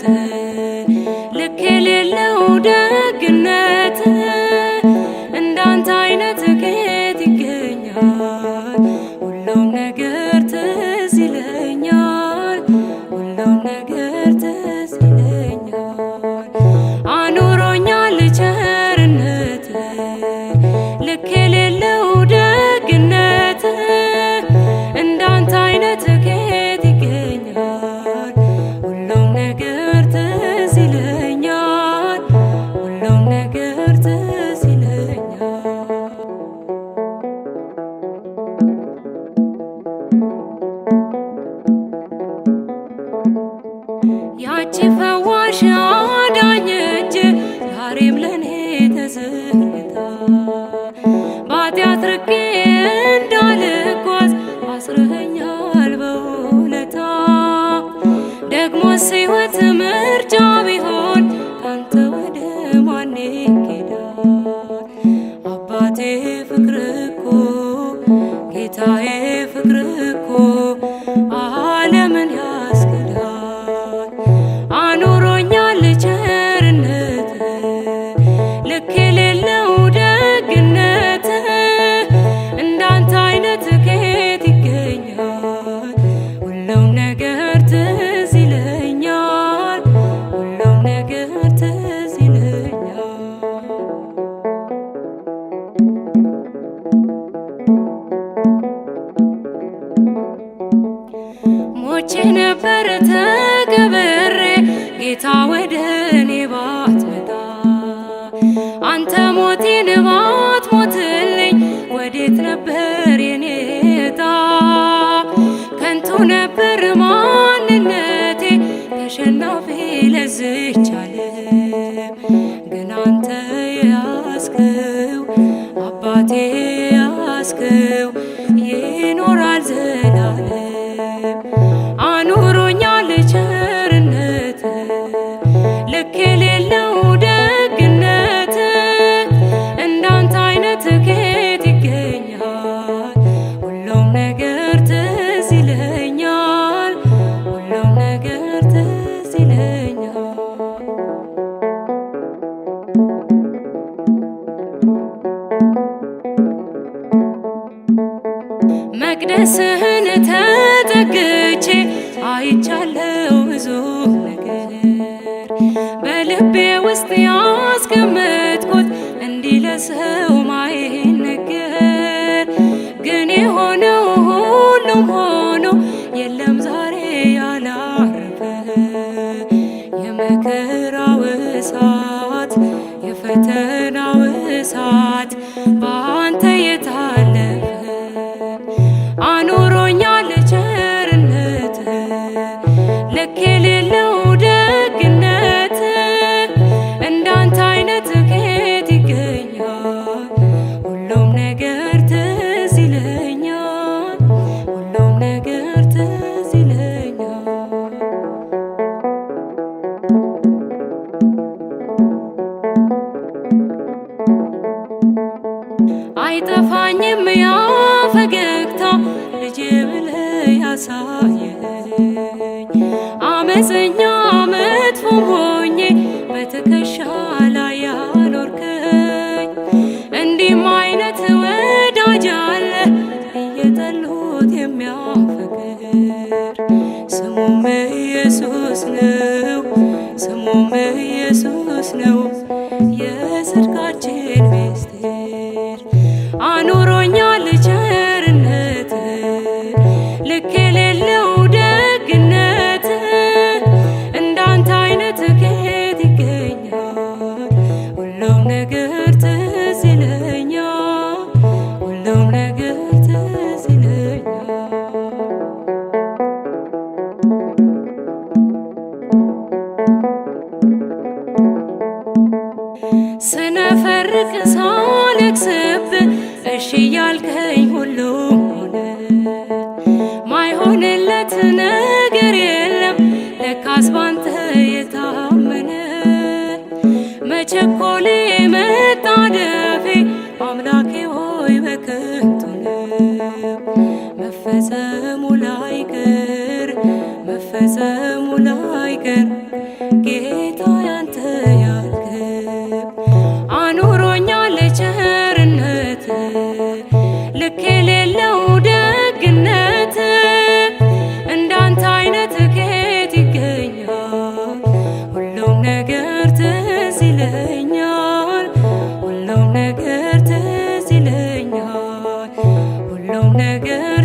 ቸርነት ልክ የሌለው ደግነት እንዳንተ አይነት ከየት ይገኛል? ሁሉም ነገር ትዝ ይለኛል። የህይወት ምርጫ የሞቴን ንባት ሞትልኝ ወዴት ነበር የኔ ዕጣ? ከንቱ ነበር ማንነቴ ተሸናፊ ለዝቻለም ግን አንተ ሞገስህን ተጠግቼ አይቻለው ብዙ ነገር በልቤ ውስጥ ያስቀመጥኩት እንዲህ ለሰው ማይነገር ግን የሆነው ሁሉም ሆኖ የለም ዛሬ ያላረፈ የመከራው እሳት የፈተ አይጠፋኝም ያ ፈገግታ ልጄ ብለህ ያሳየኝ አመፀኛ መጥፎ ሆኜ በትከሻ ላይ ያኖርከኝ እንዲህም አይነት ወዳጅ አለ እየጠሉት የሚያፈቅር ስሙም ኢየሱስ ነው ስሙም ኢየሱስ ነው የጽድቃ መቸኮሌ መጣደፌ አምላኬ ሆይ በከንቱ ነው መፈጸሙ ላይቀር መፈጸሙ ላይቀር ጌታ ሁሉም ነገር